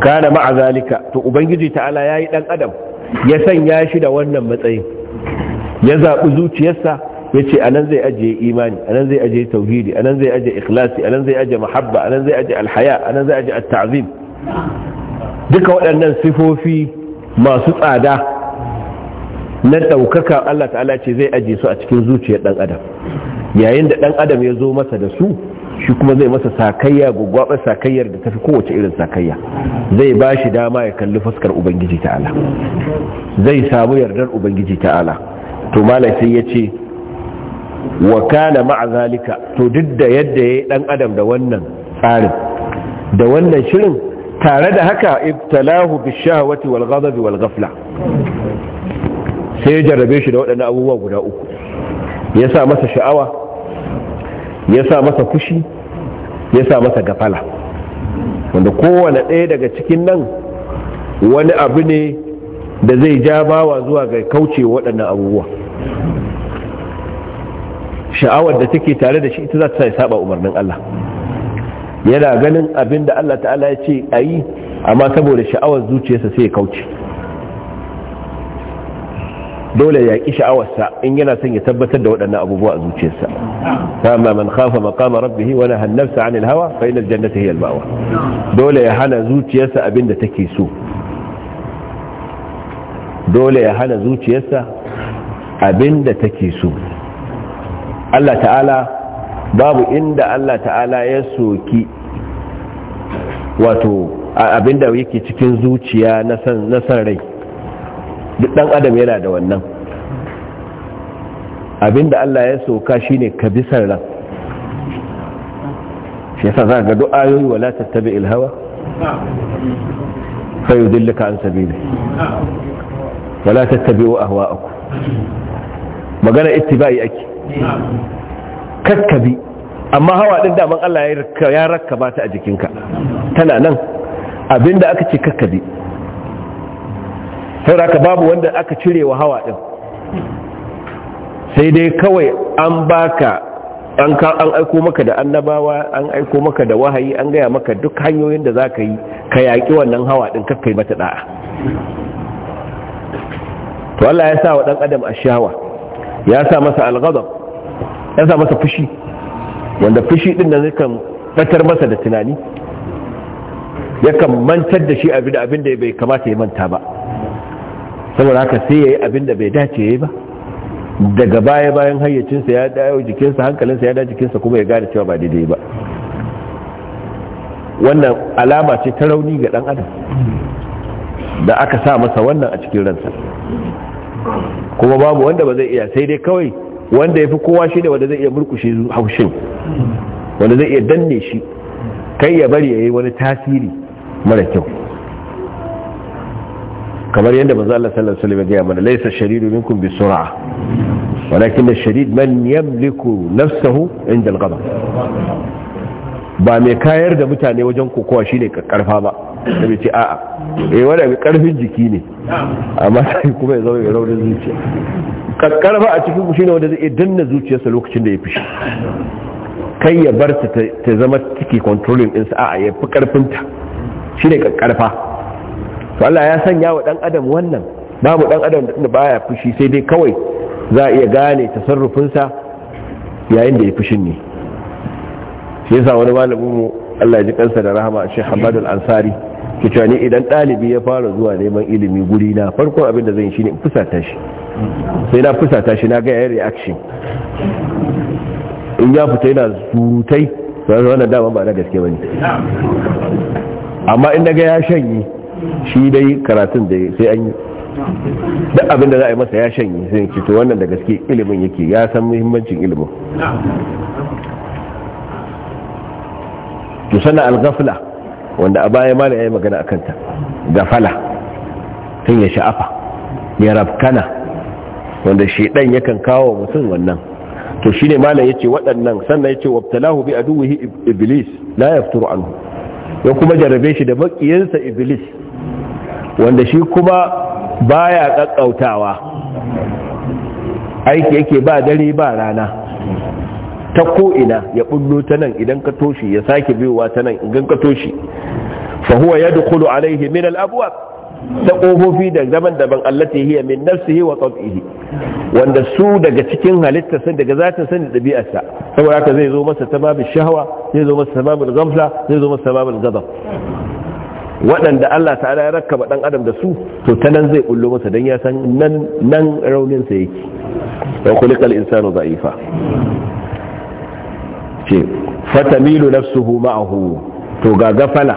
wa kana ma'a zalika to ubangiji ta'ala yayi ɗan adam ya sanya shi da wannan matsayin ya zaɓi zuciyarsa ce anan zai ajiye imani anan zai ajiye tauhidi anan zai ajiye ikhlasi anan zai ajiye mahabba anan zai ajiye alhaya anan zai ajiye tazim duka waɗannan sifofi masu tsada na ɗaukaka Allah ta'ala ce zai ajiye su a cikin zuciyar ɗan adam yayin da ɗan adam ya zo masa da su shi kuma zai masa sakayya gwaggwabar sakayyar da tafi kowace irin sakayya zai ba shi dama ya kalli fuskar ubangiji ta'ala zai samu yardar ubangiji ta'ala to malai sai ya ce wa kana ma'a to duk da yadda ya yi dan adam da wannan tsarin da wannan shirin tare da haka ibtalahu bishahawati wal ghadabi wal ghafla sai ya jarrabe shi da waɗannan abubuwa guda uku ya sa masa sha'awa ya sa masa kushi ya sa masa gafala wanda kowane ɗaya daga cikin nan wani abu ne da zai ja bawa zuwa ga kauce waɗannan abubuwa sha'awar da take tare da shi ita za ta sai saba umarnin Allah yana ganin abin da Allah ta'ala ya ce a yi amma saboda sha'awar zuciyarsa sai ya kauce dole ya ki sha'awarsa in yana son ya tabbatar da waɗannan abubuwa a zuciyarsa amma man khafa maqama rabbihi wa nahan nafsa 'anil hawa fa inal jannata hiya al-ma'wa dole ya hana zuciyarsa abinda take so dole ya hana zuciyarsa abinda take so Allah ta'ala babu inda Allah ta'ala ya soki wato abinda yake cikin zuciya na san rai duk dan adam yana da wannan abinda Allah ya soka shine ka bi sarra shi yasa za ga du'a yi wala tattabi il hawa fa yudillaka an sabili wala tattabi ahwa'akum magana ittiba'i ake kakkabi amma hawa din daman Allah ya rakka ba ta a jikinka tana nan abinda aka ce kakkabi saboda babu wanda aka cire wa hawa din sai dai kawai an baka an an aiko maka da annabawa an aiko maka da wahayi an gaya maka duk hanyoyin da za ka yi ka yaƙi wannan hawa din, ka kai mata ɗa'a to Allah ya sa wa dan adam a ya sa masa algazam ya sa masa fushi wanda fushi ɗin nan kan fatar masa da tunani ya kan mantar da shi abin da bai kamata ya manta ba saboda haka sai ya yi abin da bai dace ya yi ba daga baya bayan hayyacinsa ya dawo jikinsa hankalinsa ya dawo jikinsa kuma ya gane cewa ba daidai ba wannan alama ce ta rauni ga dan adam da aka sa masa wannan a cikin ransa kuma babu wanda ba zai iya sai dai kawai wanda ya fi kowa shi ne wanda zai iya murkushe haushin wanda zai iya danne shi kai ya bari ya yi wani tasiri mara kyau kamar yadda za Allah sallallahu alaihi wasallam ya mana laisa shadidu minkum bi sura'a walakin da sharid man yamliku nafsahu inda al-ghadab ba mai kayar da mutane wajen kokowa shine karfa ba da bai ce a'a eh wanda mai karfin jiki ne amma sai kuma ya zama mai raunin zuciya karfa a cikin ku shine wanda zai danna zuciyarsa lokacin da ya fishi kai ya bar ta ta zama take controlling din sa a'a ya fi karfinta shine karfa to Allah ya sanya wa dan adam wannan babu dan adam da baya fushi sai dai kawai za a iya gane tasarrufinsa yayin da ya fushin ne shi yasa wani malamin mu Allah ya ji kansa da rahama Sheikh Hamad Al-Ansari ki cewa ni idan dalibi ya fara zuwa neman ilimi guri na farkon abin da zan yi shine fusata shi sai na fusata shi na ga yayin reaction in ya fita yana zutai wannan dama ba na gaske bane amma in daga ya shanye shi dai karatun da sai an yi duk abin da za a yi masa ya shanyi sai ce to wannan da gaske ilimin yake ya san muhimmancin ilimin to sana al-ghafla wanda a baya ma ya yi magana a kanta gafala tun ya sha'afa ya rabkana wanda shedan yakan kawo mutum wannan to shine malam yace waɗannan sannan yace wabtalahu bi aduwihi iblis la yafturu anhu ya kuma jarabe shi da bakiyansa iblis wanda shi kuma baya kakkautawa aiki yake ba dare ba rana ta ko'ina ya bullo ta nan idan ka toshi ya sake biyowa ta nan idan ka toshi fahuwa ya dukulu alaihi min al'abuwa ta ƙofofi da zaman daban allati hiya min yi wa tsabihi wanda su daga cikin halitta sun daga zatin sani ɗabi'arsa saboda haka zai zo masa ta babin shahawa zai zo masa ta babin gamsa zai zo masa ta babin gazam waɗanda Allah ta'ala ya ba ɗan adam da su to ta nan zai bullo masa don ya san nan nan raunin sa yake wa khuliqal insanu fa. ce fatamilu nafsuhu ma'ahu to ga gafala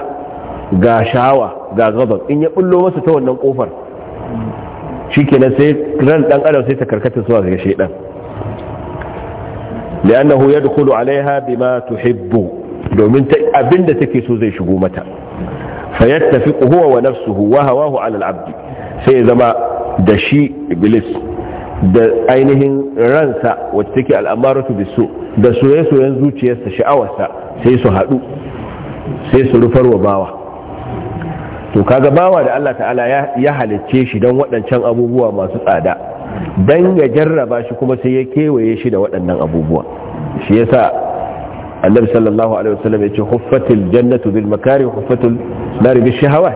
ga shawa ga gabab in ya bullo masa ta wannan kofar shikenan sai ran ɗan adam sai ta karkata zuwa ga shaydan li'annahu yadkhulu 'alayha bima tuhibbu domin abinda take so zai shigo mata fayattafiqu huwa wa nafsuhu wa hawahu ala al-abd sai zama da shi iblis da ainihin ransa wacce take al'amaratu bisu da soye-soyen zuciyarsa sha'awarsa sai su haɗu sai su rufar wa bawa to kaga bawa da Allah ta'ala ya halicce shi don waɗancan abubuwa masu tsada don ya jarraba shi kuma sai ya kewaye shi da waɗannan abubuwa shi yasa annabi sallallahu alaihi wasallam yace huffatul jannatu bil makari huffatul nar bil shahawat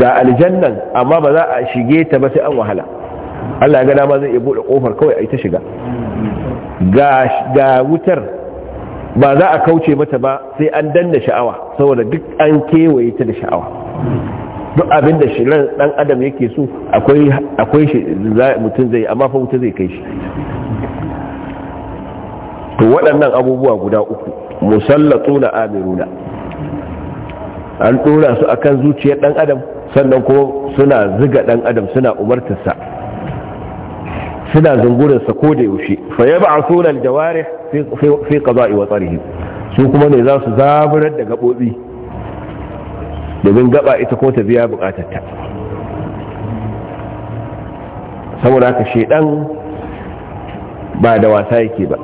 ga aljannan amma ba za a shige ta ba sai an wahala Allah ya ga dama zai iya bude kofar kawai ai ta shiga ga ga wutar ba za a kauce mata ba sai an danna sha'awa saboda duk an kewaye ta da sha'awa duk abin da shi ran dan adam yake so akwai akwai shi mutum zai amma fa wuta zai kai shi to waɗannan abubuwa guda uku musallatu na amiruna an ɗora su a kan zuciyar ɗan adam sannan kuma suna ziga ɗan adam suna umartarsa suna zungurinsa ko da yaushe fa ya a sunan jawarih fi qada'i wa tsarihi su kuma ne za su zaburar da gaɓoɓi domin gaba ita ko ta biya buƙatarta saboda haka shedan ba da wasa yake ba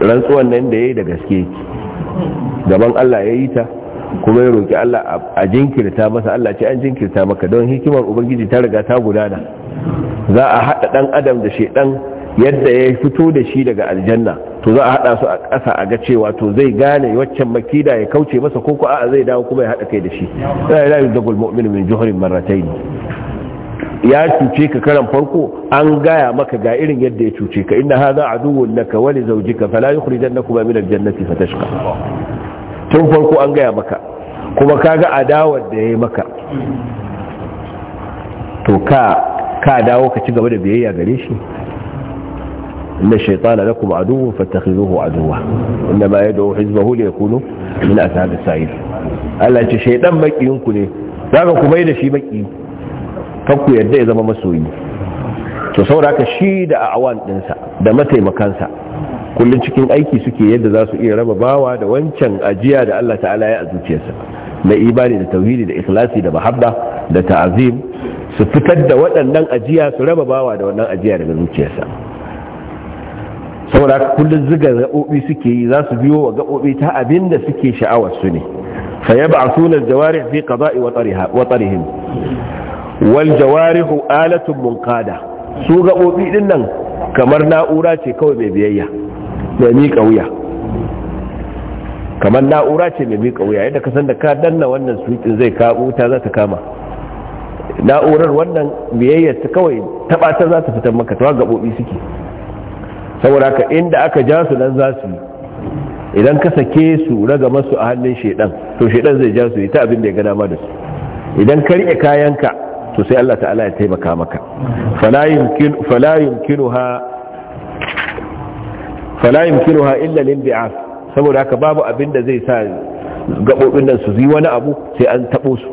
rantsuwan nan da ya yi da gaske gaban Allah ya yi ta kuma ya roƙi Allah a jinkirta masa Allah ce an jinkirta maka don hikimar ubangiji ta riga ta gudana za a haɗa ɗan adam da ɗan yadda ya fito da shi daga aljanna to za a haɗa su a ƙasa a ga cewa to zai gane waccan makida ya kauce masa ko ko a'a zai dawo kuma ya haɗa kai da shi min ya cuce ka karan farko an gaya maka ga irin yadda ya cuce ka inna hadha aduwwun laka wa li zawjika fala yukhrijannakuma min al-jannati fatashqa tun farko an gaya maka kuma kaga adawar da yayi maka to ka ka dawo ka ci gaba da biyayya gare shi inna shaytana lakum aduwwun fattakhizuhu aduwwa inna ma yad'u hizbahu li yakunu min ashabis sa'id Allah ce shaytan makiyinku ne zaka kuma yi da shi makiyi ku yadda ya zama masoyi to ka shi da awan dinsa da mataimakansa kullum cikin aiki suke yadda za su iya raba bawa da wancan ajiya da Allah ta'ala ya a zuciyarsa na imani da tauhidi da ikhlasi da mahabba da ta'azim su fitar da waɗannan ajiya su raba bawa da wannan ajiya daga zuciyarsa saboda kullum ziga gaɓoɓi suke yi za su biyo wa gaɓoɓi ta abin da suke sha'awar su ne fa ya ba'asu na jawari fi qada'i wa tarihim wal jawarihu alatun munqada su gabobi din nan kamar na'ura ce kawai mai biyayya mai miƙa wuya kamar na'ura ce mai miƙa wuya yadda ka san da ka danna wannan suitin zai kabo ta za ta kama na'urar wannan biyayya ta kawai tabata za ta fitar maka ta gabobi suke saboda haka inda aka ja su nan za su yi idan ka sake su raga masu a hannun shedan to shedan zai ja su yi ta abin da ya ga dama da su idan ka riƙe kayanka to sai Allah ta'ala ya taimaka maka fala yumkin fala yumkinuha illa lil bi'af saboda haka babu abin da zai sa gabobin nan su yi wani abu sai an taɓo su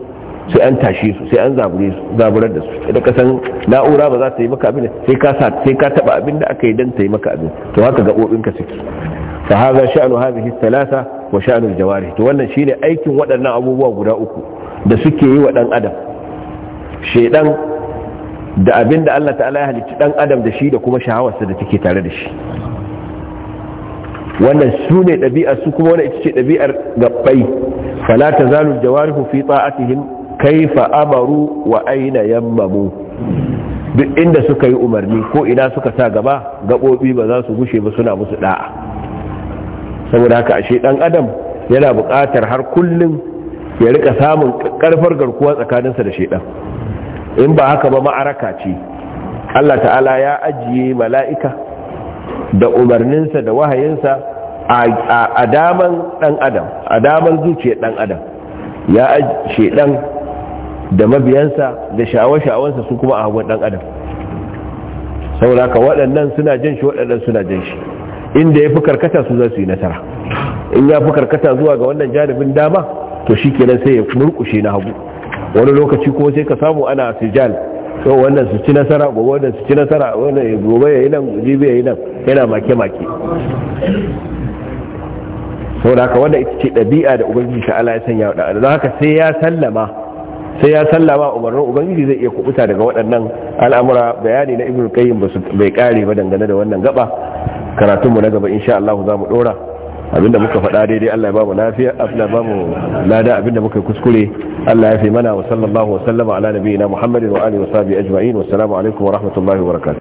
sai an tashi su sai an zabure su zaburar da su da kasan na'ura ba za ta yi maka abin sai ka sai ka taba abin da aka yi don ta yi maka abin to haka gaɓoɓin ka suke fa hadha sha'nu hadhihi thalatha wa sha'nu al to wannan shi ne aikin waɗannan abubuwa guda uku da suke yi wa dan adam shaidan da abin da Allah ta'ala ya halicci dan adam da shi da kuma shahawarsa da take tare da shi wannan su ne ɗabi'ar su kuma wani ita ce ɗabi'ar gabbai fala ta zalu jawarihu fi kaifa amaru wa aina yammamu duk inda suka yi umarni ko ina suka sa gaba gaɓoɓi ba za su gushe ba suna musu ɗa'a. saboda haka ashe ɗan adam yana buƙatar har kullum ya rika samun karfar garkuwa tsakaninsa da shaidan in ba haka ba ma'araka ce Allah ta'ala ya ajiye mala'ika da umarninsa da wahayinsa a daman dan adam a daman zuciyar dan adam ya ajiye shaidan da mabiyansa da sha'awa-sha'awansa su kuma a hagun dan adam sauraka waɗannan suna jan shi waɗannan suna jan shi inda ya fi karkata su zai su yi nasara in ya fi karkata zuwa ga wannan janibin dama to shi kenan sai ya murkushe na hagu wani lokaci kuma sai ka samu ana sijal to wannan su ci nasara gobe wannan su ci nasara wannan gobe yi nan jibi yi nan yana make make da haka wanda ita ce ɗabi'a da ubangiji sha Allah ya sanya wa don haka sai ya sallama sai ya sallama umarnin ubangiji zai iya kubuta daga waɗannan al'amura bayani na ibnu qayyim bai kare ba dangane da wannan gaba karatun mu na gaba insha Allah za mu dora abinda muka faɗa daidai Allah ya bamu lafiya Allah bamu lada abinda muka kuskure Allah ya fi mana wa sallallahu wa sallama ala nabiyina Muhammadin wa alihi wa sahbihi ajma'in wa assalamu alaikum wa rahmatullahi wa barakatuh